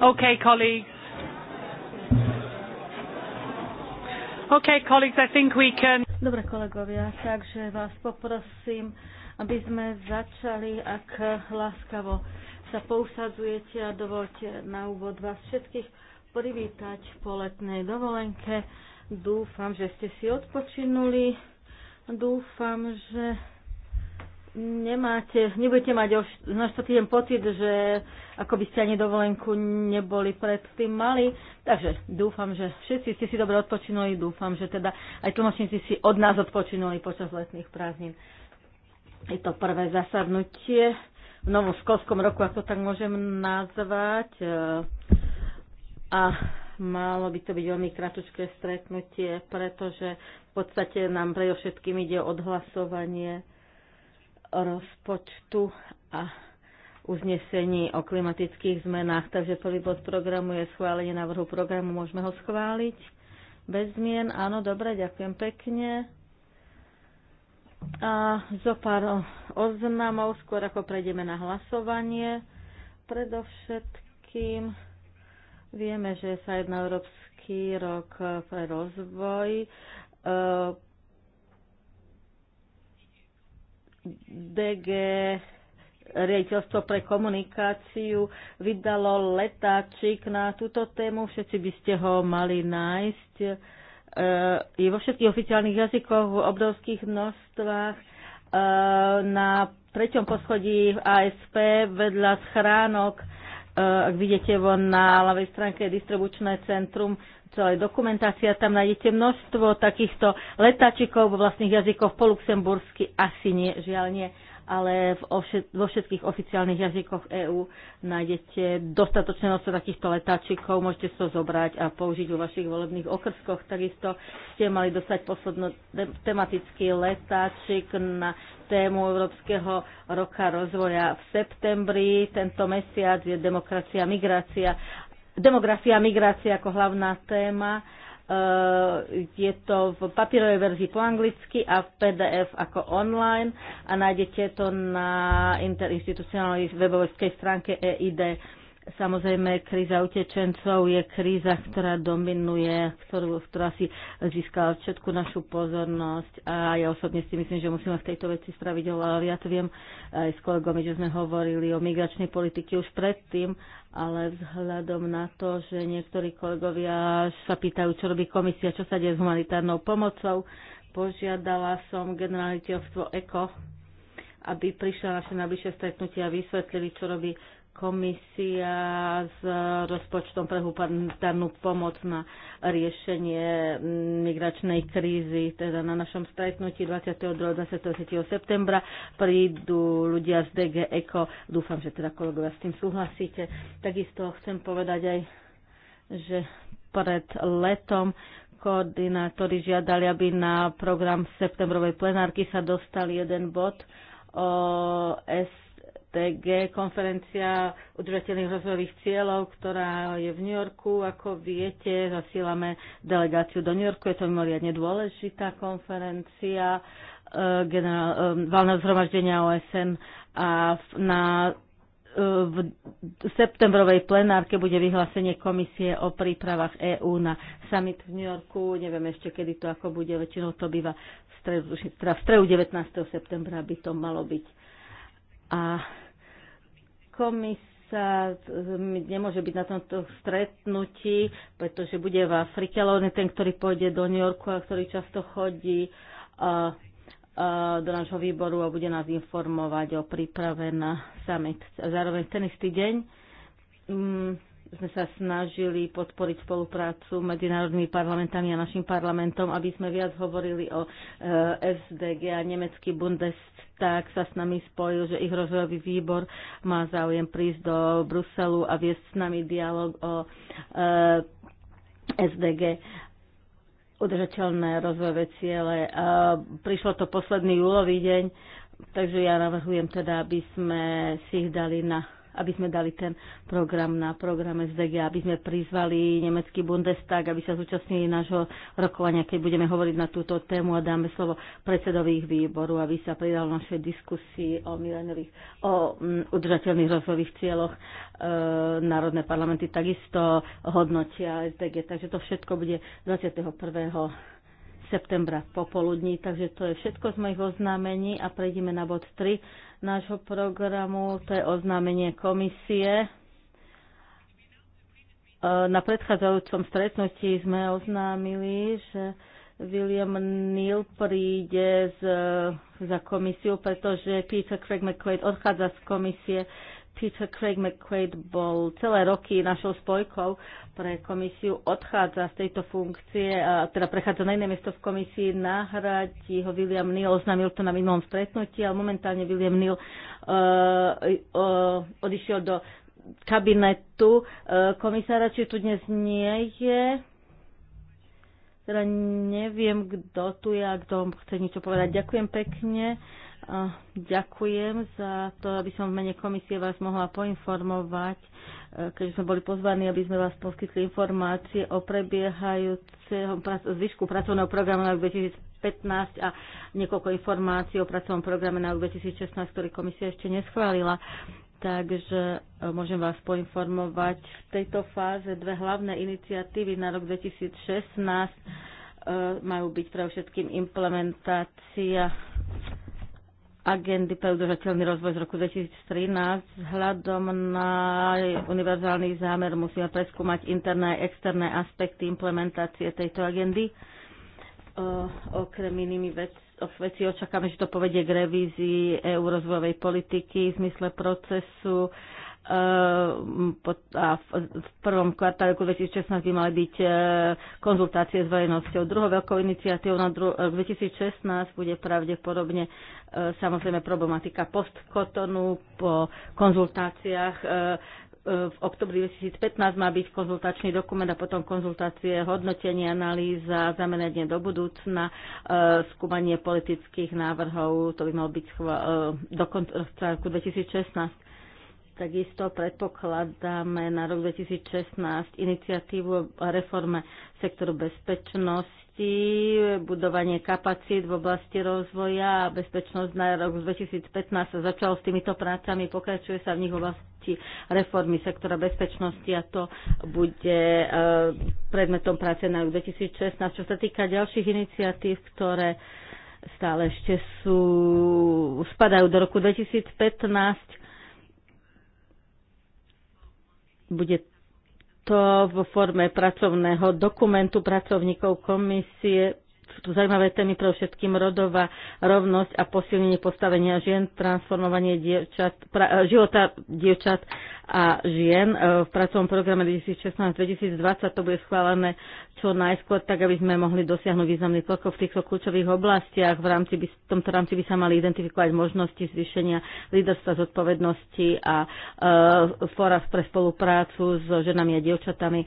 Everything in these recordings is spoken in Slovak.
Okay, colleagues. Okay, colleagues, I think we can... Dobre kolegovia, takže vás poprosím, aby sme začali, ak láskavo sa pousadzujete a dovolte na úvod vás všetkých privítať po letnej dovolenke. Dúfam, že ste si odpočinuli. Dúfam, že nemáte, nebudete mať už na štvrtý deň pocit, že ako by ste ani dovolenku neboli predtým mali. Takže dúfam, že všetci ste si dobre odpočinuli, dúfam, že teda aj tlmočníci si od nás odpočinuli počas letných prázdnin. Je to prvé zasadnutie v novom školskom roku, ako tak môžem nazvať. Eh, a malo by to byť veľmi kratučké stretnutie, pretože v podstate nám všetkým ide odhlasovanie rozpočtu a uznesení o klimatických zmenách. Takže prvý bod programu je schválenie návrhu programu. Môžeme ho schváliť bez zmien. Áno, dobre, ďakujem pekne. A zo pár oznamov, skôr ako prejdeme na hlasovanie. Predovšetkým vieme, že sa jedná Európsky rok pre rozvoj e, DG riaditeľstvo pre komunikáciu vydalo letáčik na túto tému. Všetci by ste ho mali nájsť. E, je vo všetkých oficiálnych jazykoch v obrovských množstvách. E, na treťom poschodí ASP vedľa schránok, e, ak vidíte von na ľavej stránke distribučné centrum, celej dokumentácie a tam nájdete množstvo takýchto letáčikov, vo vlastných jazykoch, po luxembursky asi nie, žiaľ nie, ale vo všetkých oficiálnych jazykoch EÚ nájdete dostatočné množstvo takýchto letáčikov, môžete to so zobrať a použiť vo vašich volebných okrskoch. Takisto ste mali dostať posledný tematický letáčik na tému Európskeho roka rozvoja v septembri. Tento mesiac je demokracia, migrácia Demografia a migrácia ako hlavná téma. E, je to v papierovej verzii po anglicky a v PDF ako online a nájdete to na interinstitucionálnej webovej stránke EID. Samozrejme, kríza utečencov je kríza, ktorá dominuje, ktorú, ktorá si získala všetku našu pozornosť a ja osobne si myslím, že musíme v tejto veci spraviť oveľa ja Ja viem aj s kolegami, že sme hovorili o migračnej politike už predtým, ale vzhľadom na to, že niektorí kolegovia sa pýtajú, čo robí komisia, čo sa deje s humanitárnou pomocou, požiadala som generálne ECO, e aby prišla naše najbližšie stretnutie a vysvetlili, čo robí komisia s rozpočtom pre humanitárnu pomoc na riešenie migračnej krízy. Teda na našom stretnutí 22. 23. septembra prídu ľudia z DG ECO. Dúfam, že teda kolegovia s tým súhlasíte. Takisto chcem povedať aj, že pred letom koordinátori žiadali, aby na program septembrovej plenárky sa dostal jeden bod o S TG konferencia udržateľných rozvojových cieľov, ktorá je v New Yorku. Ako viete, zasielame delegáciu do New Yorku. Je to mimoriadne dôležitá konferencia e, generál, e, valného zhromaždenia OSN a na e, v septembrovej plenárke bude vyhlásenie komisie o prípravách EÚ na summit v New Yorku. Neviem ešte, kedy to ako bude, väčšinou to býva v stredu, teda v stredu 19. septembra by to malo byť. A komisár nemôže byť na tomto stretnutí, pretože bude v Afrike, ale on je ten, ktorý pôjde do New Yorku a ktorý často chodí a, a, do nášho výboru a bude nás informovať o príprave na summit. Zároveň ten istý deň mm, sme sa snažili podporiť spoluprácu medzi národnými parlamentami a našim parlamentom, aby sme viac hovorili o e, SDG a nemecký Bundestag sa s nami spojil, že ich rozvojový výbor má záujem prísť do Bruselu a viesť s nami dialog o e, SDG udržateľné rozvojové ciele. E, prišlo to posledný júlový deň, takže ja navrhujem teda, aby sme si ich dali na aby sme dali ten program na program SDG, aby sme prizvali nemecký Bundestag, aby sa zúčastnili nášho rokovania, keď budeme hovoriť na túto tému a dáme slovo predsedových výboru, aby sa pridal našej diskusii o milenových, o mm, udržateľných rozvojových cieľoch. E, národné parlamenty takisto hodnotia SDG, takže to všetko bude 21 septembra popoludní. Takže to je všetko z mojich oznámení a prejdeme na bod 3 nášho programu. To je oznámenie komisie. E, na predchádzajúcom stretnutí sme oznámili, že William Neal príde z, za komisiu, pretože Peter Craig McQuaid odchádza z komisie Peter Craig McQuaid bol celé roky našou spojkou pre komisiu, odchádza z tejto funkcie, a teda prechádza na iné miesto v komisii, nahradí ho William Neal, oznámil to na minulom stretnutí, ale momentálne William Neal uh, uh, odišiel do kabinetu uh, komisára, či tu dnes nie je. Teda neviem, kto tu je a kto chce niečo povedať. Ďakujem pekne. Uh, Ďakujem za to, aby som v mene komisie vás mohla poinformovať, e, keďže sme boli pozvaní, aby sme vás poskytli informácie o prebiehajúceho zvyšku pracovného programu na 2015 a niekoľko informácií o pracovnom programe na 2016, ktorý komisia ešte neschválila. Takže e, môžem vás poinformovať v tejto fáze dve hlavné iniciatívy na rok 2016 e, majú byť pre všetkým implementácia agendy pre udržateľný rozvoj z roku 2013. Vzhľadom na univerzálny zámer musíme preskúmať interné a externé aspekty implementácie tejto agendy. Okrem inými veci očakáme, že to povedie k revízii EU rozvojovej politiky v zmysle procesu Ehm, a v prvom kvartále roku 2016 by mali byť ehm, konzultácie s verejnosťou. Druhou veľkou iniciatívou na 2016 bude pravdepodobne ehm, samozrejme problematika postkotonu po konzultáciách v oktobri 2015 má byť konzultačný dokument a potom konzultácie, hodnotenie, analýza, zameranie do budúcna, skúmanie politických návrhov, to by malo byť do konca roku 2016. Takisto predpokladáme na rok 2016 iniciatívu o reforme sektoru bezpečnosti, budovanie kapacít v oblasti rozvoja a bezpečnosť na rok 2015 sa začalo s týmito prácami, pokračuje sa v nich oblasti reformy sektora bezpečnosti a to bude e, predmetom práce na rok 2016. Čo sa týka ďalších iniciatív, ktoré stále ešte sú, spadajú do roku 2015, bude to vo forme pracovného dokumentu pracovníkov komisie sú tu zaujímavé témy pre všetkým rodová rovnosť a posilnenie postavenia žien, transformovanie dievčat, pra, e, života dievčat a žien. E, v pracovnom programe 2016-2020 to bude schválené čo najskôr, tak aby sme mohli dosiahnuť významný pokrok v týchto kľúčových oblastiach. V, rámci by, v tomto rámci by sa mali identifikovať možnosti zvýšenia líderstva zodpovednosti a e, fóra pre spoluprácu s ženami a dievčatami. E,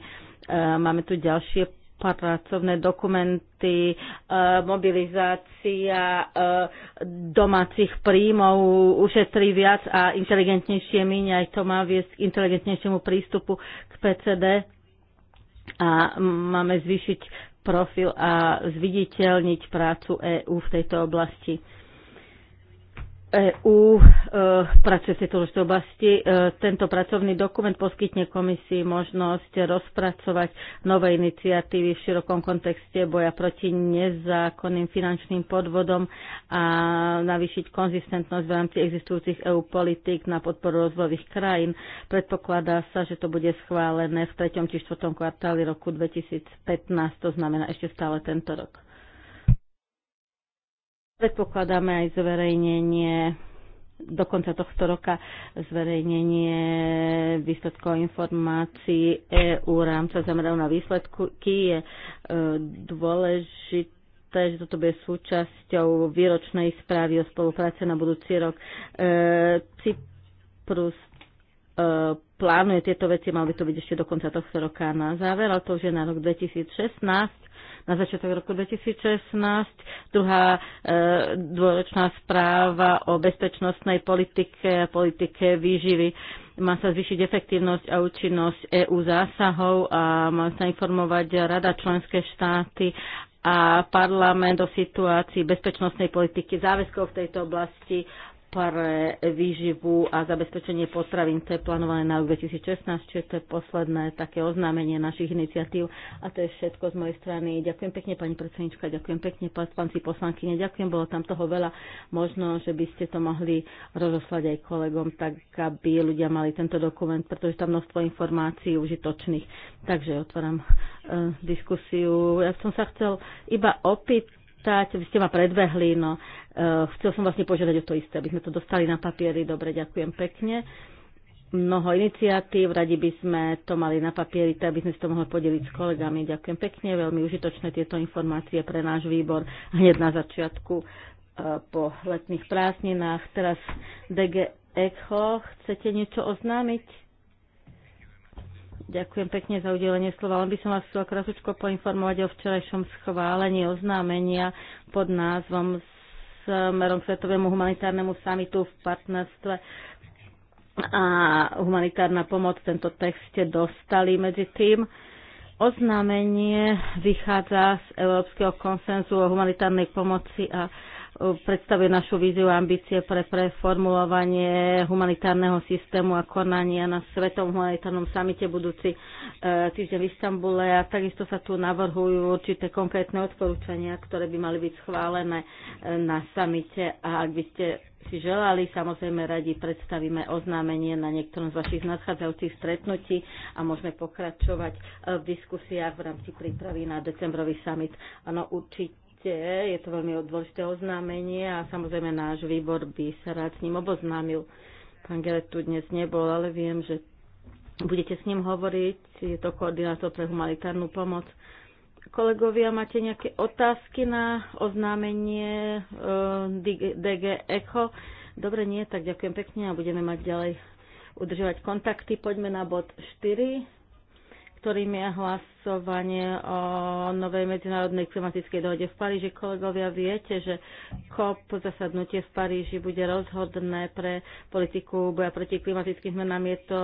máme tu ďalšie pracovné dokumenty, e, mobilizácia e, domácich príjmov ušetrí viac a inteligentnejšie míňa. Aj to má viesť k inteligentnejšiemu prístupu k PCD a máme zvýšiť profil a zviditeľniť prácu EÚ v tejto oblasti. EÚ e, pracuje v tejto oblasti. oblasti. E, tento pracovný dokument poskytne komisii možnosť rozpracovať nové iniciatívy v širokom kontexte boja proti nezákonným finančným podvodom a navýšiť konzistentnosť v rámci existujúcich EÚ politik na podporu rozvojových krajín. Predpokladá sa, že to bude schválené v 3. či 4. kvartáli roku 2015, to znamená ešte stále tento rok. Predpokladáme aj zverejnenie do konca tohto roka zverejnenie výsledkov informácií EU rámca zameraného na výsledky je e, dôležité že toto bude súčasťou výročnej správy o spolupráce na budúci rok. E, Cyprus e, plánuje tieto veci, mal by to byť ešte do konca tohto roka na záver, ale to už je na rok 2016 na začiatok roku 2016, druhá e, dôročná správa o bezpečnostnej politike a politike výživy. Má sa zvýšiť efektívnosť a účinnosť EU zásahov a má sa informovať Rada členské štáty a parlament o situácii bezpečnostnej politiky záväzkov v tejto oblasti pre výživu a zabezpečenie potravín. To je plánované na rok 2016, čiže to je posledné také oznámenie našich iniciatív. A to je všetko z mojej strany. Ďakujem pekne, pani predsednička, ďakujem pekne, pánci poslankyne, ďakujem, bolo tam toho veľa. Možno, že by ste to mohli rozoslať aj kolegom, tak aby ľudia mali tento dokument, pretože tam množstvo informácií užitočných. Takže otváram e, diskusiu. Ja som sa chcel iba opýtať, vy ste ma predbehli, no Eh, chcel som vlastne požiadať o to isté, aby sme to dostali na papiery. Dobre, ďakujem pekne. Mnoho iniciatív, radi by sme to mali na papieri, aby sme si to mohli podeliť s kolegami. Ďakujem pekne, veľmi užitočné tieto informácie pre náš výbor hneď na začiatku eh, po letných prázdninách. Teraz DG Echo, chcete niečo oznámiť? Ďakujem pekne za udelenie slova. Len by som vás chcela krásučko poinformovať o včerajšom schválení oznámenia pod názvom smerom k Svetovému humanitárnemu samitu v partnerstve a humanitárna pomoc tento text dostali medzi tým. Oznámenie vychádza z Európskeho konsenzu o humanitárnej pomoci a predstavuje našu víziu a ambície pre preformulovanie humanitárneho systému a konania na svetom humanitárnom samite budúci e, týždeň v Istambule a takisto sa tu navrhujú určité konkrétne odporúčania, ktoré by mali byť schválené e, na samite a ak by ste si želali, samozrejme radi predstavíme oznámenie na niektorom z vašich nadchádzajúcich stretnutí a môžeme pokračovať e, v diskusiách v rámci prípravy na decembrový summit. Áno, určite ste. Je to veľmi dôležité oznámenie a samozrejme náš výbor by sa rád s ním oboznámil. Pán Gelet tu dnes nebol, ale viem, že budete s ním hovoriť. Je to koordinátor pre humanitárnu pomoc. Kolegovia, máte nejaké otázky na oznámenie eh, DG ECHO? Dobre, nie, tak ďakujem pekne a budeme mať ďalej udržovať kontakty. Poďme na bod 4 ktorým je hlasovanie o novej medzinárodnej klimatickej dohode v Paríži. Kolegovia, viete, že COP zasadnutie v Paríži bude rozhodné pre politiku boja proti klimatickým zmenám. Je to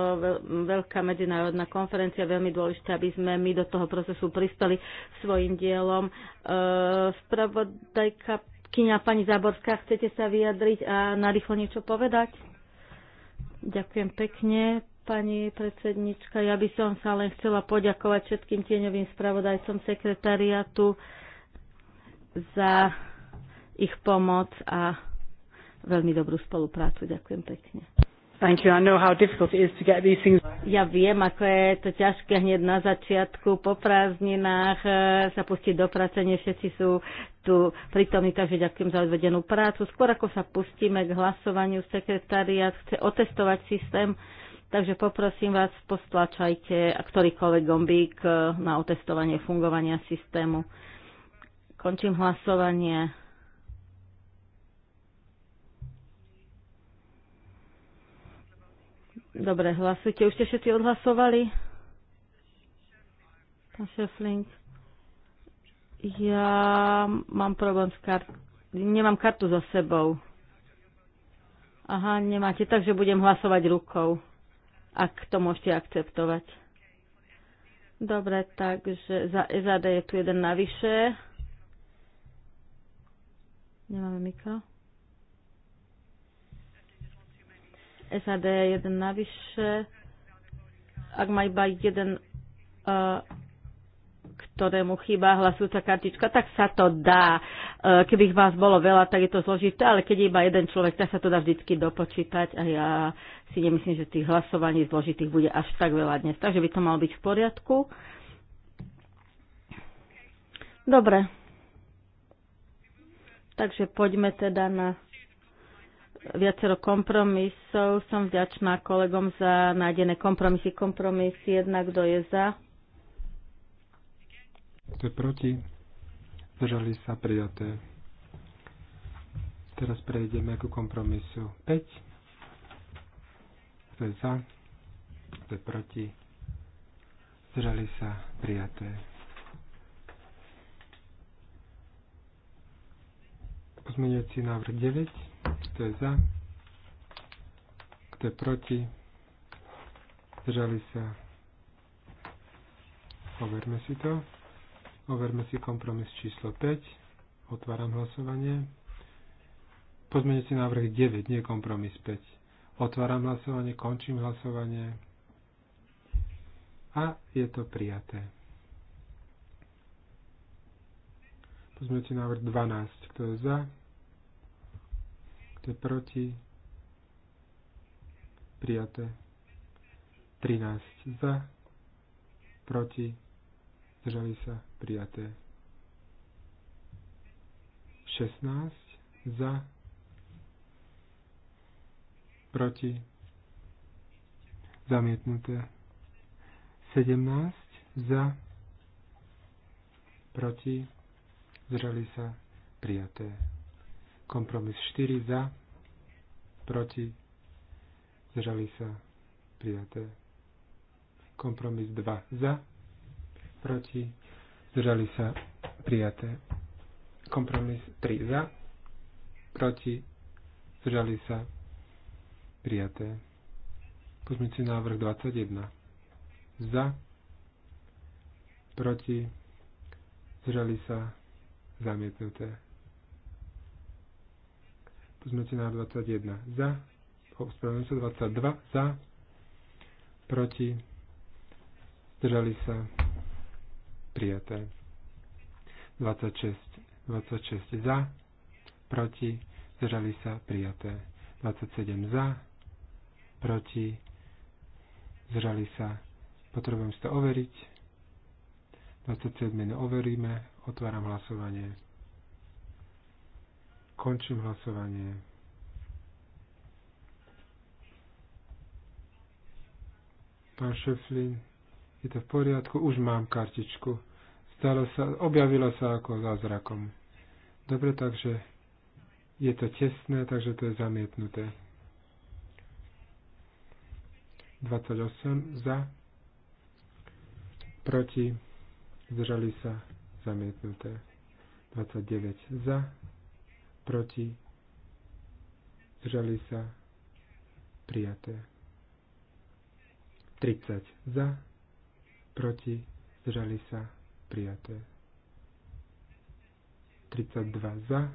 veľká medzinárodná konferencia, veľmi dôležité, aby sme my do toho procesu pristali svojim dielom. E, spravodajka Kyňa pani Záborská, chcete sa vyjadriť a narýchlo niečo povedať? Ďakujem pekne pani predsednička. Ja by som sa len chcela poďakovať všetkým tieňovým spravodajcom sekretariatu za ich pomoc a veľmi dobrú spoluprácu. Ďakujem pekne. Thank you. I know how difficult it is to get these things. Ja viem, ako je to ťažké hneď na začiatku, po prázdninách e, sa pustiť do práce, nie všetci sú tu prítomní, takže ďakujem za odvedenú prácu. Skôr ako sa pustíme k hlasovaniu, sekretariat chce otestovať systém Takže poprosím vás, postlačajte ktorýkoľvek gombík e, na otestovanie fungovania systému. Končím hlasovanie. Dobre, hlasujte. Už ste všetci odhlasovali? Pán Šeflink. Ja mám problém s kartou. Nemám kartu so sebou. Aha, nemáte, takže budem hlasovať rukou ak to môžete akceptovať. Dobre, takže za SAD e je tu jeden navyše. Nemáme mikro. SAD e je jeden navyše. Ak má iba jeden uh, ktorému chýba hlasujúca kartička, tak sa to dá. E, keby ich vás bolo veľa, tak je to zložité, ale keď je iba jeden človek, tak sa to dá vždycky dopočítať a ja si nemyslím, že tých hlasovaní zložitých bude až tak veľa dnes. Takže by to malo byť v poriadku. Dobre. Takže poďme teda na viacero kompromisov. Som vďačná kolegom za nájdené kompromisy. Kompromis jednak, kto je za, kto je proti? Zdržali sa prijaté. Teraz prejdeme ku kompromisu 5. Kto je za? Kto je proti? Zdržali sa prijaté. Pozmeňujúci návrh 9. Kto je za? Kto je proti? Zdržali sa. Overme si to. Overme si kompromis číslo 5. Otváram hlasovanie. Pozmeňujúci návrh 9, nie kompromis 5. Otváram hlasovanie, končím hlasovanie. A je to prijaté. Pozmeňujúci návrh 12. Kto je za? Kto je proti? Prijaté. 13 za, proti, zdržali sa, prijaté. 16 za, proti, zamietnuté. 17 za, proti, zdržali sa, prijaté. Kompromis 4 za, proti, zdržali sa, prijaté. Kompromis 2 za, proti, zdržali sa prijaté. Kompromis 3 za, proti, zdržali sa prijaté. Pozmite návrh 21. Za, proti, zdržali sa zamietnuté. Pozmite návrh 21. Za, ospravedlňujem sa 22. Za, proti, zdržali sa prijaté. 26, 26 za, proti, zdržali sa, prijaté. 27 za, proti, zdržali sa, potrebujem si to overiť. 27 overíme, otváram hlasovanie. Končím hlasovanie. Pán Šeflin, je to v poriadku, už mám kartičku stalo sa, objavilo sa ako zázrakom. Dobre, takže je to tesné, takže to je zamietnuté. 28 za, proti, zdržali sa, zamietnuté. 29 za, proti, zdržali sa, prijaté. 30 za, proti, zdržali sa, prijaté. 32 za,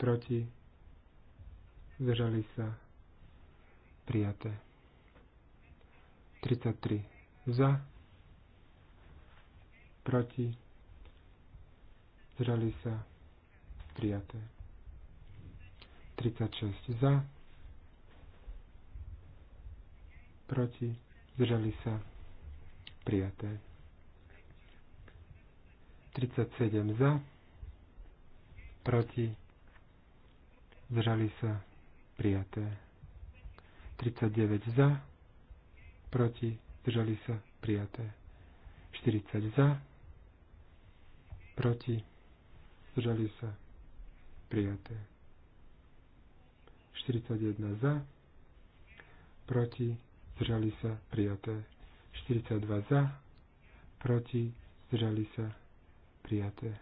proti, zdržali sa, prijaté. 33 za, proti, zdržali sa, prijaté. 36 za, proti, zdržali sa, prijaté prijaté. 37 za, proti, zdržali sa, prijaté. 39 za, proti, zdržali sa, prijaté. 40 za, proti, zdržali sa, prijaté. 41 za, proti, zdržali sa, prijaté. 42 za, proti, zdržali sa, prijaté.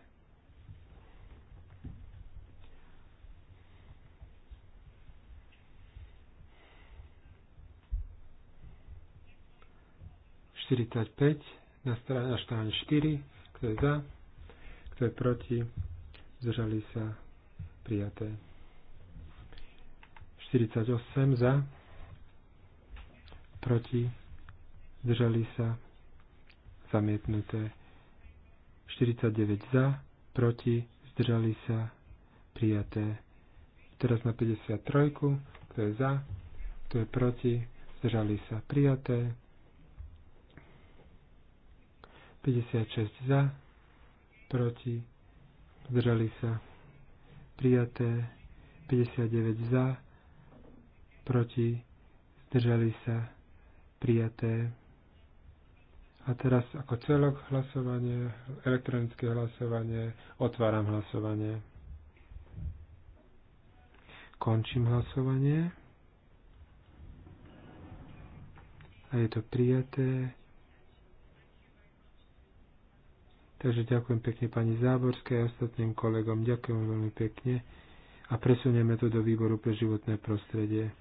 na strane, na strane 4, kto je za, kto je proti, zdržali sa, prijaté. 48 za, proti, zdržali sa, zamietnuté. 49 za, proti, zdržali sa, prijaté. Teraz na 53, kto je za, kto je proti, zdržali sa, prijaté. 56 za, proti, zdržali sa, prijaté, 59 za, proti, zdržali sa, prijaté, a teraz ako celok hlasovanie, elektronické hlasovanie, otváram hlasovanie. Končím hlasovanie. A je to prijaté. Takže ďakujem pekne pani Záborskej a ostatným kolegom. Ďakujem veľmi pekne a presunieme to do výboru pre životné prostredie.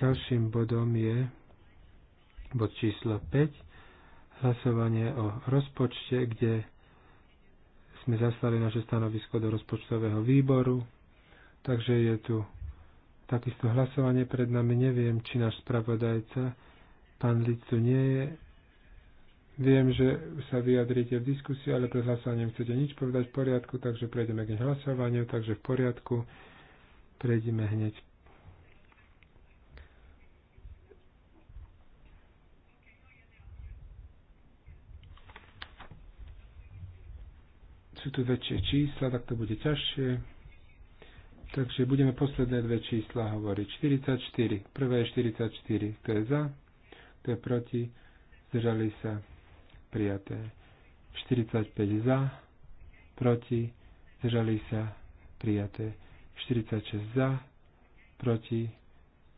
Ďalším bodom je bod číslo 5 hlasovanie o rozpočte, kde sme zaslali naše stanovisko do rozpočtového výboru, takže je tu takisto hlasovanie pred nami. Neviem, či náš spravodajca, pán Licu, nie je. Viem, že sa vyjadríte v diskusii, ale pred hlasovaním chcete nič povedať v poriadku, takže prejdeme k hlasovaniu, takže v poriadku. Prejdeme hneď tu väčšie čísla, tak to bude ťažšie. Takže budeme posledné dve čísla hovoriť. 44. Prvé je 44. to je za? Kto je proti? Zdržali sa. Prijaté. 45 za. Proti. Zdržali sa. Prijaté. 46 za. Proti.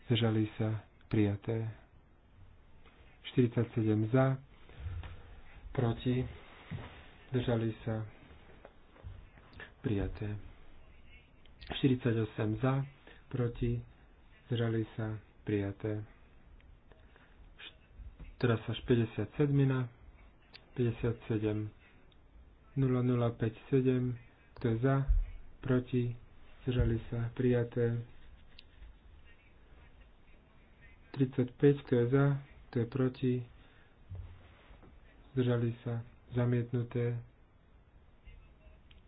Zdržali sa. Prijaté. 47 za. Proti. Zdržali sa prijaté. 48 za, proti, zrali sa, prijaté. Teraz až 57, 57, 0057, kto je za, proti, zrali sa, prijaté. 35, kto je za, kto je proti, zdržali sa, zamietnuté,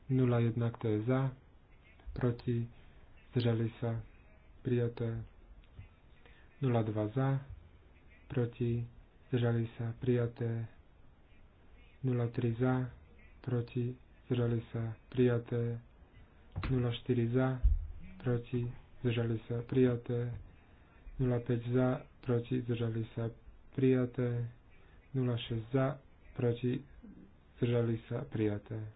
01, kto je za, proti, zdržali sa, prijaté. 02 za, proti, zdržali sa, prijaté. 03 za, proti, zdržali sa, prijaté. 04 za, proti, zdržali sa, prijaté. 05 za, proti, zdržali sa, prijaté. 0 6, za, proti, zdržali sa, prijaté.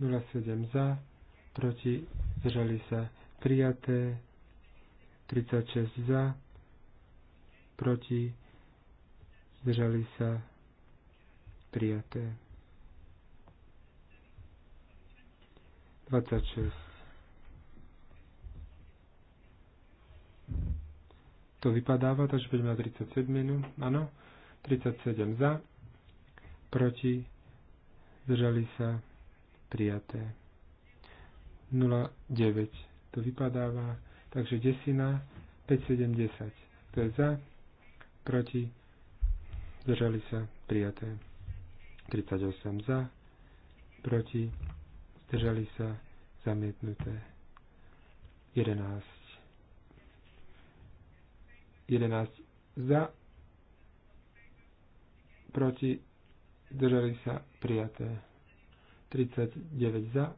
07 za, proti, zdržali sa prijaté, 36 za, proti, zdržali sa prijaté. 26. To vypadáva, takže budeme na 37 minút. Áno, 37 za, proti, zdržali sa prijaté. 0,9 to vypadáva, takže desina 5,70. To je za, proti, zdržali sa, prijaté. 38 za, proti, zdržali sa, zamietnuté. 11. 11 za, proti, zdržali sa, prijaté. 39 za,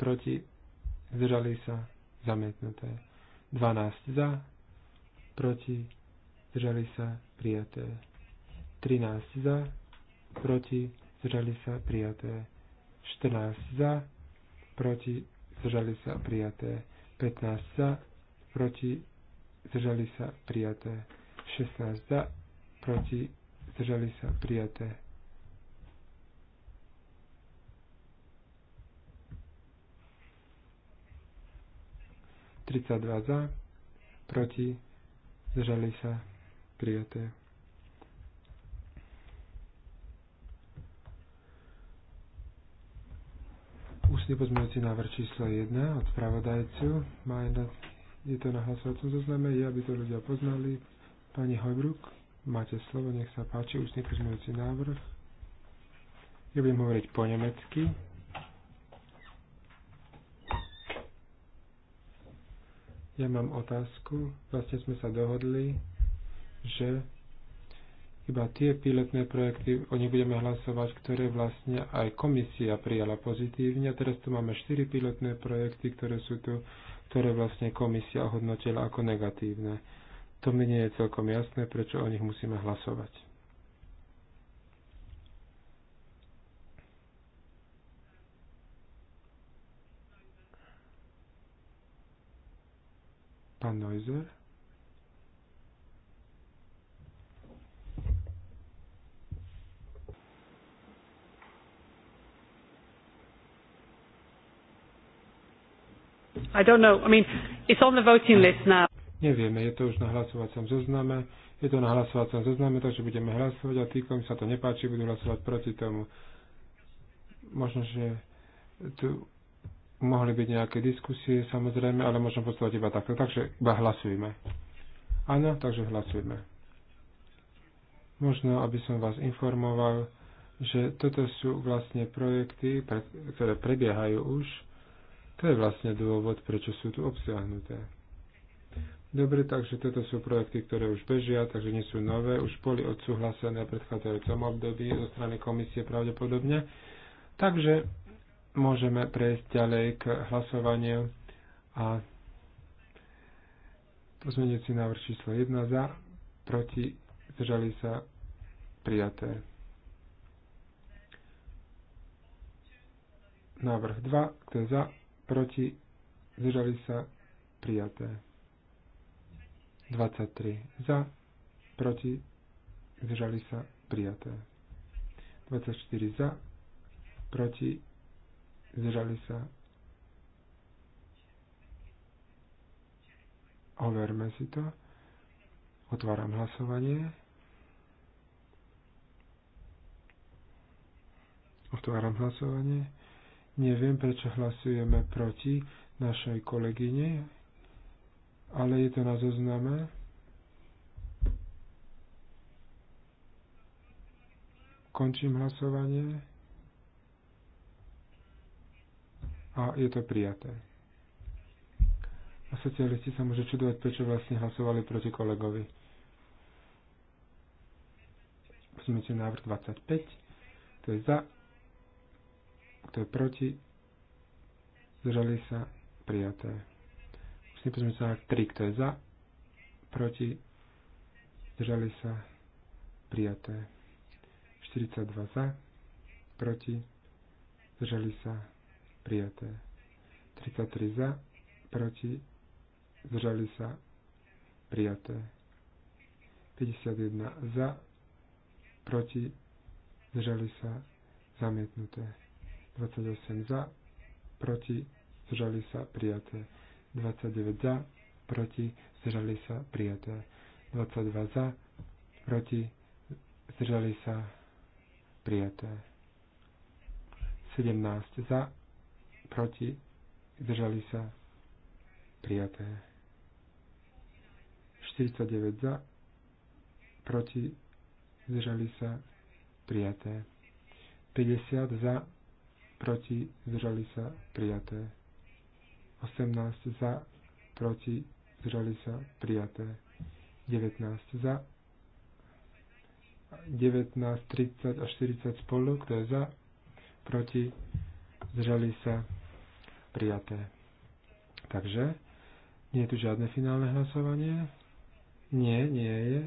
proti, zdržali sa, zamietnuté. 12 za, proti, zdržali sa, prijaté. 13 za, proti, zdržali sa, prijaté. 14 za, proti, zdržali sa, prijaté. 15 za, proti, zdržali sa, prijaté. 16 za, proti, zdržali sa, prijaté. 32 za, proti, zdržali sa, prijaté. Ústny pozmeňujúci návrh číslo 1 od spravodajcu. Má jedna, je to na hlasovacom zozname, je, aby to ľudia poznali. Pani Hojbruk, máte slovo, nech sa páči, ústny pozmeňujúci návrh. Ja budem hovoriť po nemecky. Ja mám otázku. Vlastne sme sa dohodli, že iba tie pilotné projekty, o nich budeme hlasovať, ktoré vlastne aj komisia prijala pozitívne. A teraz tu máme 4 pilotné projekty, ktoré sú tu, ktoré vlastne komisia hodnotila ako negatívne. To mi nie je celkom jasné, prečo o nich musíme hlasovať. Pán Neuser. I don't know. I mean, it's on the voting list now. Nevieme, je to už na hlasovacom zozname. Je to na hlasovacom zozname, takže budeme hlasovať a tí, komu sa to nepáči, budú hlasovať proti tomu. Možno, že tu mohli byť nejaké diskusie, samozrejme, ale môžem postovať iba takto. Takže iba hlasujme. Áno, takže hlasujme. Možno, aby som vás informoval, že toto sú vlastne projekty, pre, ktoré prebiehajú už. To je vlastne dôvod, prečo sú tu obsiahnuté. Dobre, takže toto sú projekty, ktoré už bežia, takže nie sú nové, už boli odsúhlasené v predchádzajúcom období zo strany komisie pravdepodobne. Takže môžeme prejsť ďalej k hlasovaniu a pozmeňujúci návrh číslo 1 za, proti, zdržali sa prijaté. Návrh 2, kto je za, proti, zdržali sa prijaté. 23 za, proti, zdržali sa prijaté. 24 za, proti, zdržali sa. Overme si to. Otváram hlasovanie. Otváram hlasovanie. Neviem, prečo hlasujeme proti našej kolegyne, ale je to na zozname. Končím hlasovanie. a je to prijaté. A socialisti sa môžu čudovať, prečo vlastne hlasovali proti kolegovi. Pozmite návrh 25. To je za. Kto je proti? Zdržali sa. Prijaté. Musím pozmite návrh 3. Kto je za? Proti? Zdržali sa. Prijaté. 42 za. Proti? Zdržali sa prijaté. 33 za, proti, zdržali sa, prijaté. 51 za, proti, zdržali sa, zamietnuté. 28 za, proti, zdržali sa, prijaté. 29 za, proti, zdržali sa, prijaté. 22 za, proti, zdržali sa, prijaté. 17 za, proti, zdržali sa, prijaté. 49 za, proti, zdržali sa, prijaté. 50 za, proti, zdržali sa, prijaté. 18 za, proti, zdržali sa, prijaté. 19 za, 19, 30 a 40 spolu, kto je za, proti, zdržali sa, prijaté prijaté. Takže, nie je tu žiadne finálne hlasovanie? Nie, nie je.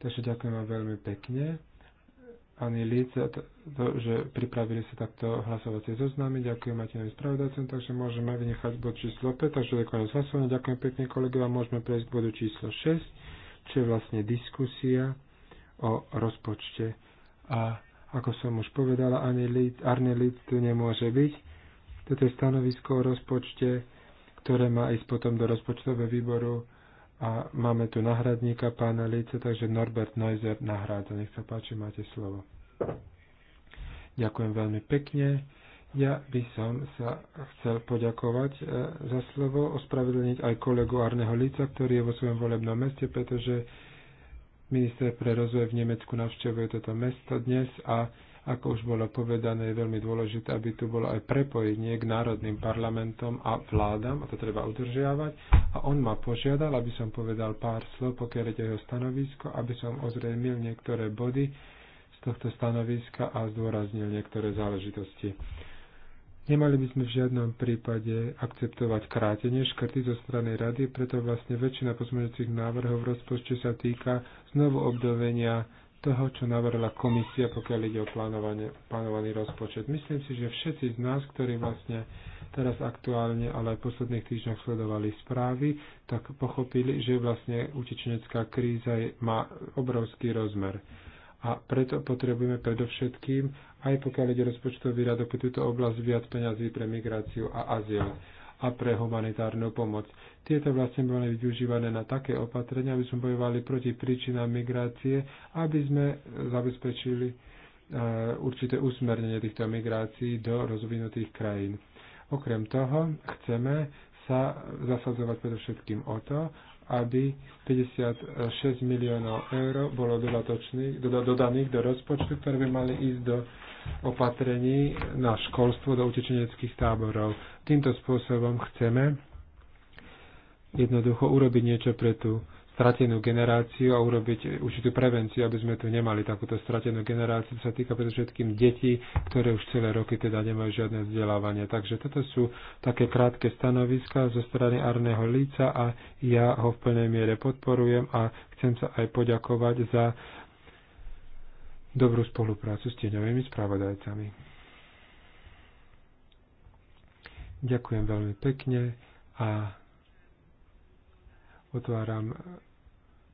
Takže ďakujem vám veľmi pekne. Ani Líce, to, že pripravili sa takto hlasovacie zoznamy. Ďakujem Matinovi spravodajcom, takže môžeme vynechať bod číslo 5, takže to koniec hlasovania. Ďakujem pekne kolegovia, môžeme prejsť k bodu číslo 6, čo je vlastne diskusia o rozpočte. A ako som už povedala, Arne Líc tu nemôže byť, toto je stanovisko o rozpočte, ktoré má ísť potom do rozpočtového výboru a máme tu nahradníka pána Lice, takže Norbert Neuser nahrádza. Nech sa páči, máte slovo. Ďakujem veľmi pekne. Ja by som sa chcel poďakovať e, za slovo, ospravedlniť aj kolegu Arneho Lica, ktorý je vo svojom volebnom meste, pretože minister pre rozvoj v Nemecku navštevuje toto mesto dnes a ako už bolo povedané, je veľmi dôležité, aby tu bolo aj prepojenie k národným parlamentom a vládam, a to treba udržiavať. A on ma požiadal, aby som povedal pár slov, pokiaľ je jeho stanovisko, aby som ozrejmil niektoré body z tohto stanoviska a zdôraznil niektoré záležitosti. Nemali by sme v žiadnom prípade akceptovať krátenie škrty zo strany rady, preto vlastne väčšina pozmeňujúcich návrhov v rozpočte sa týka znovu obdovenia toho, čo navrhla komisia, pokiaľ ide o plánovaný rozpočet. Myslím si, že všetci z nás, ktorí vlastne teraz aktuálne, ale aj v posledných týždňoch sledovali správy, tak pochopili, že vlastne utečenecká kríza má obrovský rozmer. A preto potrebujeme predovšetkým, aj pokiaľ ide rozpočtový rád, pre túto oblasť, viac peňazí pre migráciu a azyl a pre humanitárnu pomoc. Tieto vlastne boli využívané na také opatrenia, aby sme bojovali proti príčinám migrácie, aby sme zabezpečili e, určité usmernenie týchto migrácií do rozvinutých krajín. Okrem toho chceme sa zasadzovať predovšetkým o to, aby 56 miliónov eur bolo dodatočných, dodaných do rozpočtu, ktoré by mali ísť do opatrení na školstvo do utečeneckých táborov. Týmto spôsobom chceme jednoducho urobiť niečo pre tú stratenú generáciu a urobiť určitú prevenciu, aby sme tu nemali takúto stratenú generáciu. To sa týka predovšetkým detí, ktoré už celé roky teda nemajú žiadne vzdelávanie. Takže toto sú také krátke stanoviska zo strany Arného Líca a ja ho v plnej miere podporujem a chcem sa aj poďakovať za dobrú spoluprácu s tieňovými spravodajcami. Ďakujem veľmi pekne a otváram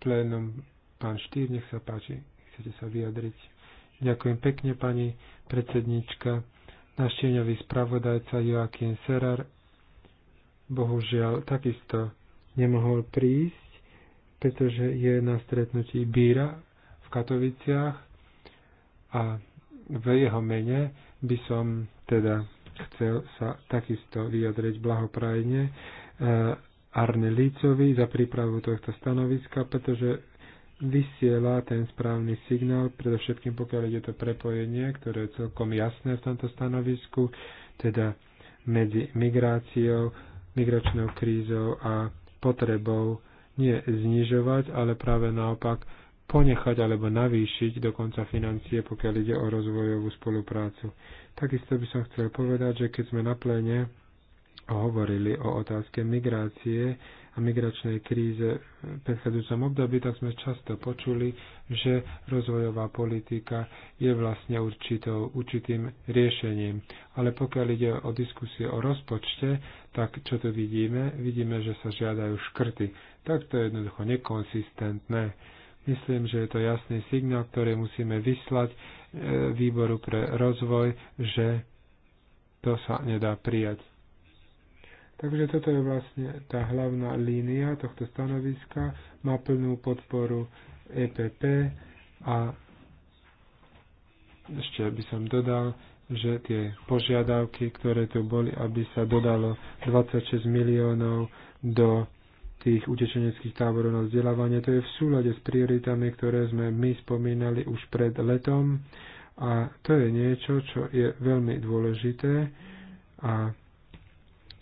plénum. Pán Štýr, nech sa páči, chcete sa vyjadriť. Ďakujem pekne, pani predsednička. Náš tieňový spravodajca Joaquín Serar bohužiaľ takisto nemohol prísť, pretože je na stretnutí Bíra v Katoviciach a v jeho mene by som teda chcel sa takisto vyjadriť blahoprajne eh, Arne Lícovi za prípravu tohto stanoviska, pretože vysiela ten správny signál, predovšetkým pokiaľ ide to prepojenie, ktoré je celkom jasné v tomto stanovisku, teda medzi migráciou, migračnou krízou a potrebou nie znižovať, ale práve naopak ponechať alebo navýšiť dokonca financie, pokiaľ ide o rozvojovú spoluprácu. Takisto by som chcel povedať, že keď sme na pléne hovorili o otázke migrácie a migračnej kríze v predchádzajúcom období, tak sme často počuli, že rozvojová politika je vlastne určitou, určitým riešením. Ale pokiaľ ide o diskusie o rozpočte, tak čo tu vidíme? Vidíme, že sa žiadajú škrty. Tak to je jednoducho nekonsistentné Myslím, že je to jasný signál, ktorý musíme vyslať e, výboru pre rozvoj, že to sa nedá prijať. Takže toto je vlastne tá hlavná línia tohto stanoviska, má plnú podporu EPP a ešte by som dodal, že tie požiadavky, ktoré tu boli, aby sa dodalo 26 miliónov do tých utečeneckých táborov na vzdelávanie. To je v súlade s prioritami, ktoré sme my spomínali už pred letom a to je niečo, čo je veľmi dôležité a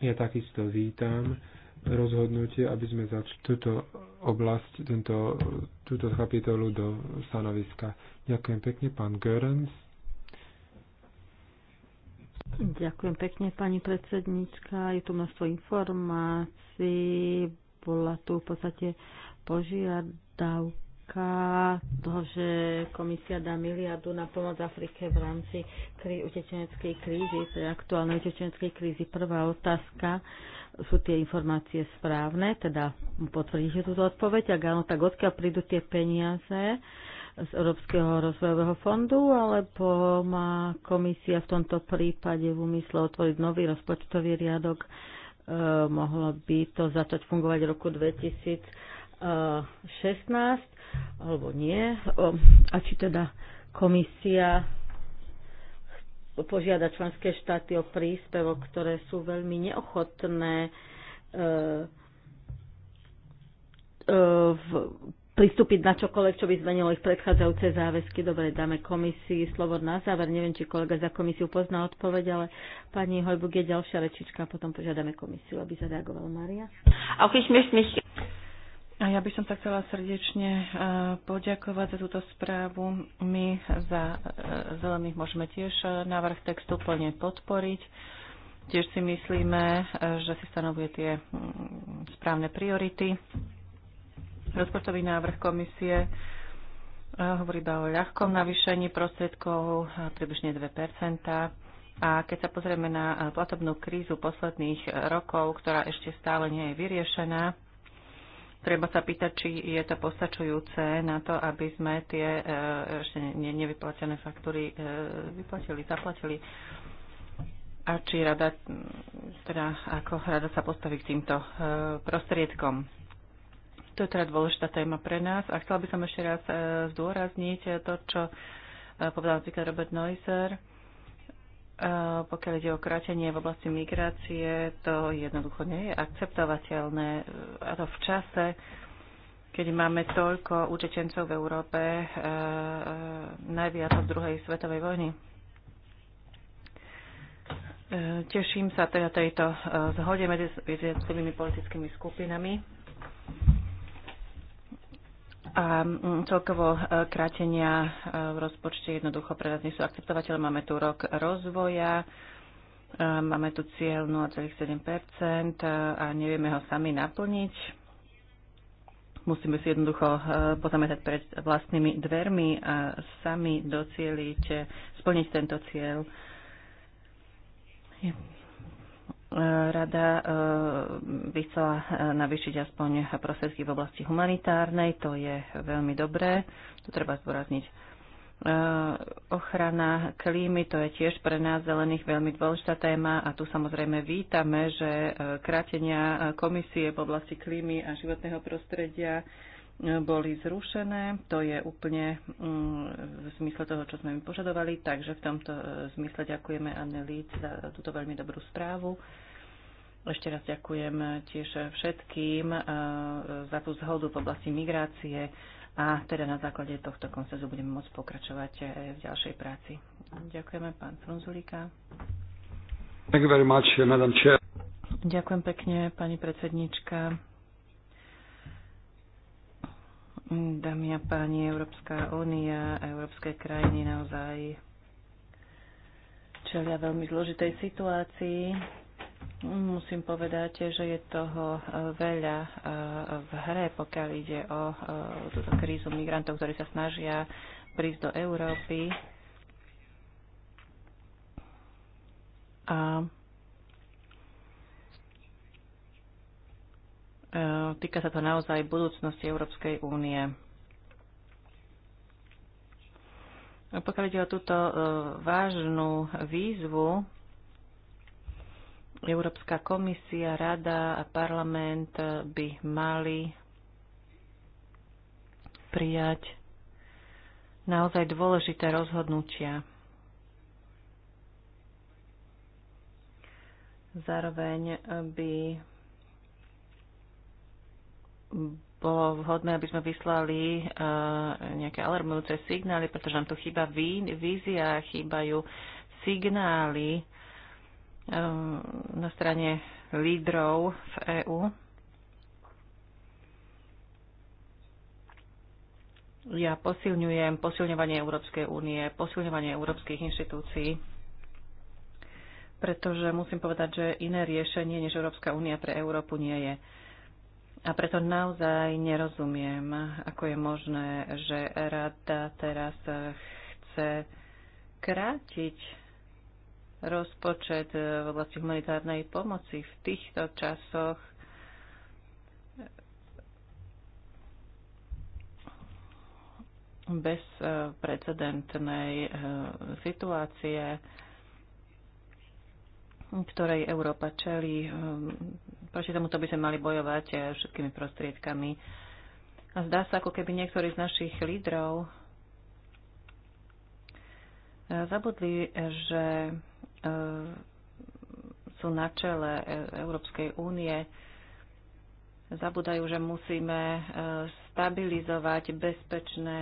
ja takisto vítam rozhodnutie, aby sme začali túto oblasť, tento, túto kapitolu do stanoviska. Ďakujem pekne, pán Görens. Ďakujem pekne, pani predsednička. Je tu množstvo informácií bola tu v podstate požiadavka toho, že komisia dá miliardu na pomoc Afrike v rámci krí- utečeneckej krízy, je aktuálnej utečeneckej krízy. Prvá otázka, sú tie informácie správne, teda potvrdíte túto odpoveď, ak áno, tak odkiaľ prídu tie peniaze z Európskeho rozvojového fondu, alebo má komisia v tomto prípade v úmysle otvoriť nový rozpočtový riadok Eh, mohlo by to začať fungovať v roku 2016 alebo nie. Ehm, a či teda komisia požiada členské štáty o príspevok, ktoré sú veľmi neochotné eh, eh, v pristúpiť na čokoľvek, čo by zmenilo ich predchádzajúce záväzky. Dobre, dáme komisii slovo na záver. Neviem, či kolega za komisiu pozná odpoveď, ale pani Hojbuk je ďalšia rečička a potom požiadame komisiu, aby zareagovala Maria. A ja by som sa chcela srdečne e, poďakovať za túto správu. My za e, zelených môžeme tiež e, návrh textu plne podporiť. Tiež si myslíme, že si stanovuje tie mm, správne priority Rozpočtový návrh komisie eh, hovorí iba o ľahkom navýšení prostriedkov, eh, približne 2 a keď sa pozrieme na eh, platobnú krízu posledných rokov, ktorá ešte stále nie je vyriešená, treba sa pýtať, či je to postačujúce na to, aby sme tie ešte nevyplatené faktúry vyplatili, zaplatili. A či rada, teda ako rada sa postaví k týmto prostriedkom. To je teda dôležitá téma pre nás a chcela by som ešte raz e, zdôrazniť e, to, čo e, povedal napríklad Robert E, Pokiaľ ide o krátenie v oblasti migrácie, to jednoducho nie je akceptovateľné. A to v čase, keď máme toľko utečencov v Európe, e, e, najviac od druhej svetovej vojny. teším sa teda tejto zhode medzi jednotlivými politickými skupinami a mm, celkovo e, krátenia e, v rozpočte jednoducho pre nás nie sú akceptovateľné. Máme tu rok rozvoja, e, máme tu cieľ 0,7% a nevieme ho sami naplniť. Musíme si jednoducho pozametať pred vlastnými dvermi a sami docieliť, splniť tento cieľ. Rada e, by chcela e, navýšiť aspoň prostriedky v oblasti humanitárnej, to je veľmi dobré, to treba zdôrazniť. E, ochrana klímy, to je tiež pre nás zelených veľmi dôležitá téma a tu samozrejme vítame, že krátenia komisie v oblasti klímy a životného prostredia boli zrušené. To je úplne mm, v zmysle toho, čo sme mi požadovali. Takže v tomto e, zmysle ďakujeme Anne Líc za túto veľmi dobrú správu. Ešte raz ďakujem e, tiež všetkým e, za tú zhodu v oblasti migrácie a teda na základe tohto konsenzu budeme môcť pokračovať v ďalšej práci. Ďakujeme pán Frunzulíka. Thank you very much, Madam Chair. Ďakujem pekne, pani predsednička. Dámy a páni, Európska únia, európske krajiny naozaj čelia veľmi zložitej situácii. Musím povedať, že je toho e, veľa e, v hre, pokiaľ ide o e, túto krízu migrantov, ktorí sa snažia prísť do Európy. A E, týka sa to naozaj budúcnosti Európskej únie. Pokiaľ ide o túto e, vážnu výzvu, Európska komisia, rada a parlament by mali prijať naozaj dôležité rozhodnutia. Zároveň by bolo vhodné, aby sme vyslali eh, nejaké alarmujúce signály, pretože nám tu chýba vízia, chýbajú signály eh, na strane lídrov v EÚ. Ja posilňujem posilňovanie Európskej únie, posilňovanie európskych inštitúcií, pretože musím povedať, že iné riešenie než Európska únia pre Európu nie je. A preto naozaj nerozumiem, ako je možné, že rada teraz chce krátiť rozpočet v oblasti humanitárnej pomoci v týchto časoch. bezprecedentnej eh, situácie ktorej Európa čelí. Ehm, proti tomu to by sme mali bojovať eh, všetkými prostriedkami. A zdá sa, ako keby niektorí z našich lídrov eh, zabudli, že eh, sú na čele Európskej únie. Zabudajú, že musíme stabilizovať bezpečné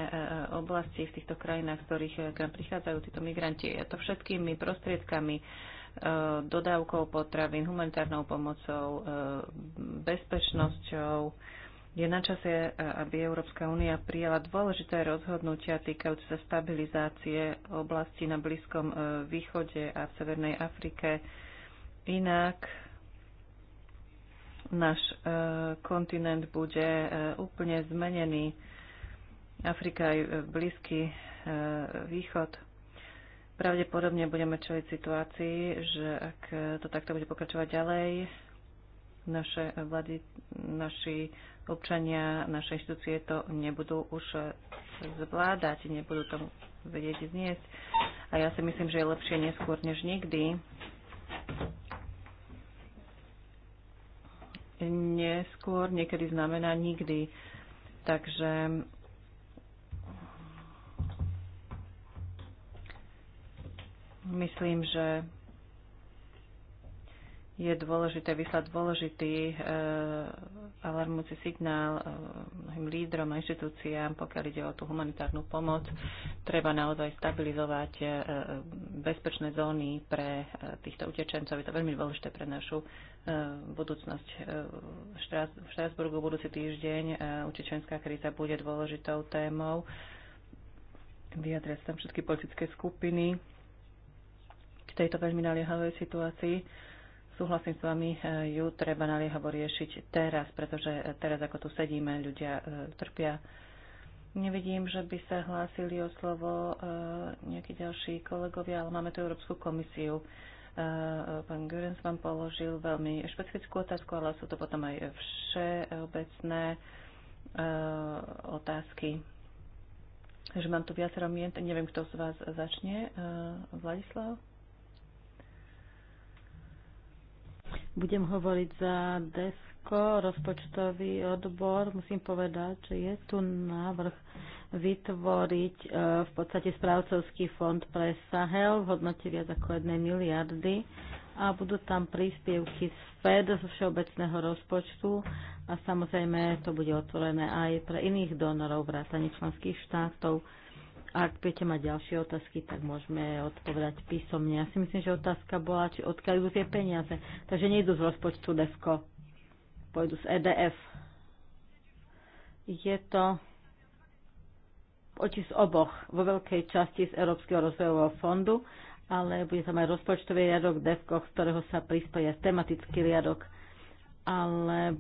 oblasti v týchto krajinách, z ktorých k nám prichádzajú títo migranti. A to všetkými prostriedkami dodávkou potravín, humanitárnou pomocou, e, bezpečnosťou. Je na čase, e, aby Európska únia prijala dôležité rozhodnutia týkajúce sa stabilizácie oblasti na Blízkom e, východe a v Severnej Afrike. Inak náš kontinent bude úplne zmenený. Afrika aj Blízky východ Pravdepodobne budeme čeliť situácii, že ak to takto bude pokračovať ďalej, naše vlády, naši občania, naše inštitúcie to nebudú už zvládať, nebudú to vedieť zniesť. A ja si myslím, že je lepšie neskôr než nikdy. Neskôr niekedy znamená nikdy. Takže Myslím, že je dôležité vyslať dôležitý e, alarmujúci signál e, mnohým lídrom a inštitúciám, pokiaľ ide o tú humanitárnu pomoc. Treba naozaj stabilizovať e, e bezpečné zóny pre e, týchto utečencov. Je to veľmi dôležité pre našu e, budúcnosť. E, v Štrasburgu budúci týždeň e, utečenská kríza bude dôležitou témou. Vyjadria sa tam všetky politické skupiny v tejto veľmi naliehavej situácii. Súhlasím s vami, e, ju treba naliehavo riešiť teraz, pretože e, teraz, ako tu sedíme, ľudia e, trpia. Nevidím, že by sa hlásili o slovo nejakí ďalší kolegovia, ale máme tu Európsku komisiu. Pán Görens vám položil veľmi špecifickú otázku, ale sú to potom aj všeobecné otázky. Takže mám tu viacero mien. Neviem, kto z vás začne. Vladislav? Budem hovoriť za DESCO, rozpočtový odbor. Musím povedať, že je tu návrh vytvoriť e, v podstate správcovský fond pre Sahel v hodnote viac ako 1 miliardy a budú tam príspievky z FED, zo všeobecného rozpočtu a samozrejme to bude otvorené aj pre iných donorov vrátane členských štátov. Ak budete mať ďalšie otázky, tak môžeme odpovedať písomne. Ja si myslím, že otázka bola, či odkiaľ idú tie peniaze. Takže nejdu z rozpočtu DEFCO, pôjdu z EDF. Je to oči z oboch, vo veľkej časti z Európskeho rozvojového fondu, ale bude tam aj rozpočtový riadok DEFCO, z ktorého sa prispoja tematický riadok, ale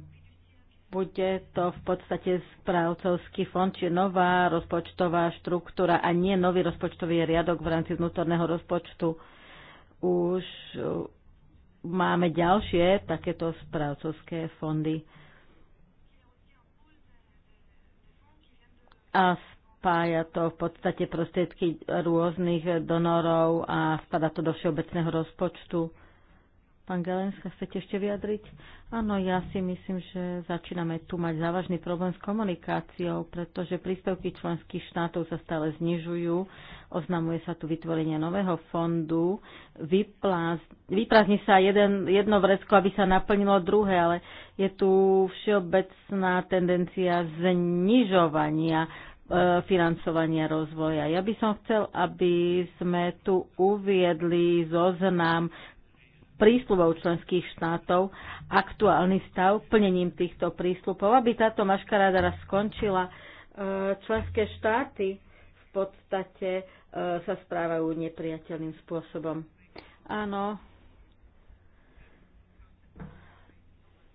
bude to v podstate správcovský fond, či nová rozpočtová štruktúra a nie nový rozpočtový riadok v rámci vnútorného rozpočtu. Už uh, máme ďalšie takéto správcovské fondy. A spája to v podstate prostriedky rôznych donorov a spada to do všeobecného rozpočtu Pán Galenska, chcete ešte vyjadriť? Áno, ja si myslím, že začíname tu mať závažný problém s komunikáciou, pretože príspevky členských štátov sa stále znižujú. Oznamuje sa tu vytvorenie nového fondu. Vyplázni vyprázdni sa jeden, jedno vrecko, aby sa naplnilo druhé, ale je tu všeobecná tendencia znižovania e, financovania rozvoja. Ja by som chcel, aby sme tu uviedli zoznam prísľubov členských štátov aktuálny stav plnením týchto prísľubov. Aby táto maškaráda raz skončila, e, členské štáty v podstate e, sa správajú nepriateľným spôsobom. Áno,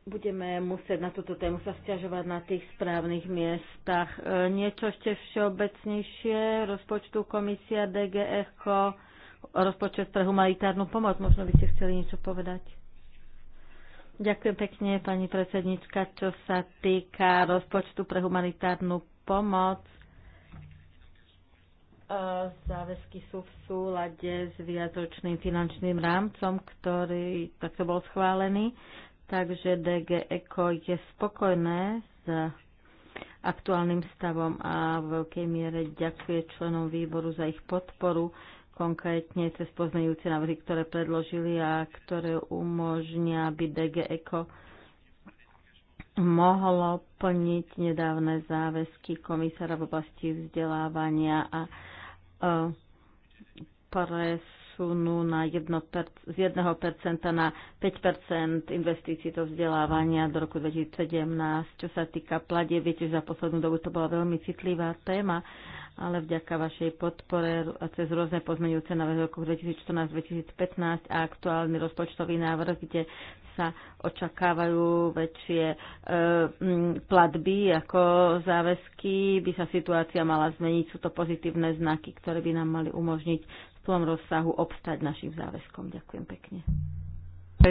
budeme musieť na túto tému sa stiažovať na tých správnych miestach. E, niečo ešte všeobecnejšie rozpočtu komisia DGECHO rozpočet pre humanitárnu pomoc. Možno by ste chceli niečo povedať. Ďakujem pekne, pani predsednička. Čo sa týka rozpočtu pre humanitárnu pomoc, e, záväzky sú v súlade s viacročným finančným rámcom, ktorý takto bol schválený. Takže DG ECO je spokojné s aktuálnym stavom a v veľkej miere ďakuje členom výboru za ich podporu konkrétne cez poznajúce návrhy, ktoré predložili a ktoré umožnia, aby DG Eco mohlo plniť nedávne záväzky komisára v oblasti vzdelávania a e, pres posunú na 1%, z 1% na 5% investícií do vzdelávania do roku 2017. Čo sa týka plade, viete, že za poslednú dobu to bola veľmi citlivá téma, ale vďaka vašej podpore a cez rôzne pozmeňujúce návrhy roku 2014-2015 a aktuálny rozpočtový návrh, kde sa očakávajú väčšie e, platby ako záväzky, by sa situácia mala zmeniť. Sú to pozitívne znaky, ktoré by nám mali umožniť plnom rozsahu obstať našim záväzkom. Ďakujem pekne.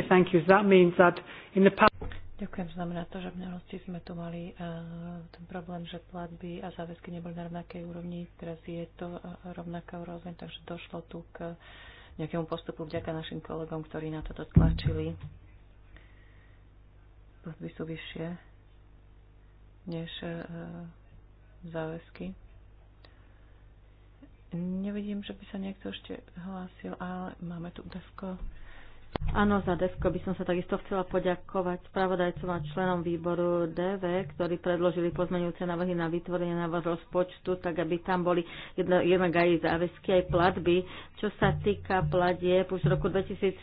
Thank you. That means that in the past... Ďakujem. Znamená to, že v minulosti sme tu mali uh, ten problém, že platby a záväzky neboli na rovnakej úrovni. Teraz je to uh, rovnaká úroveň, takže došlo tu k nejakému postupu vďaka našim kolegom, ktorí na toto tlačili. Platby sú vyššie než uh, záväzky. Nevidím, že by sa niekto ešte hlásil, ale máme tu Desko. Áno, za DESKO by som sa takisto chcela poďakovať spravodajcom a členom výboru DV, ktorí predložili pozmeňujúce návrhy na vytvorenie návrh rozpočtu, tak aby tam boli jednak aj záväzky, aj platby. Čo sa týka platieb, už v roku 2013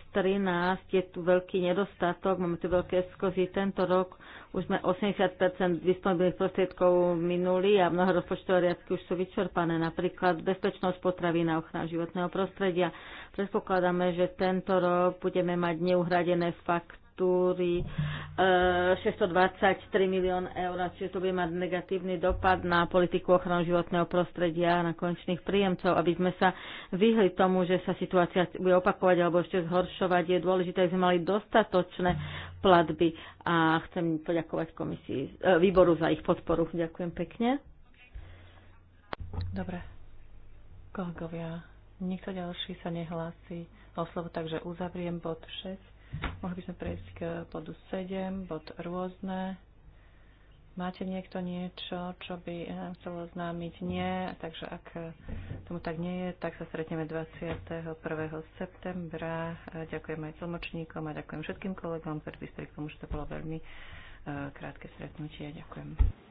je tu veľký nedostatok, máme tu veľké skozy. Tento rok už sme 80 disponibilných prostriedkov minuli a mnohé rozpočtové riadky už sú vyčerpané, napríklad bezpečnosť potravy a ochrana životného prostredia. Predpokladáme, že tento rok budeme mať neuhradené faktúry 623 eh, milión eur, čiže to bude mať negatívny dopad na politiku ochranu životného prostredia a na konečných príjemcov. Aby sme sa vyhli tomu, že sa situácia bude opakovať alebo ešte zhoršovať, je dôležité, aby sme mali dostatočné platby a chcem poďakovať komisii, eh, výboru za ich podporu. Ďakujem pekne. Dobre. Kolegovia, nikto ďalší sa nehlási o slovo, takže uzavriem bod 6. Mohli by sme prejsť k bodu 7, bod rôzne. Máte niekto niečo, čo by nám eh, chcelo oznámiť? Nie, takže ak tomu tak nie je, tak sa stretneme 21. septembra. Ďakujem aj tlmočníkom a ďakujem všetkým kolegom, ktorí by ste k tomu, že to bolo veľmi eh, krátke stretnutie. Ďakujem.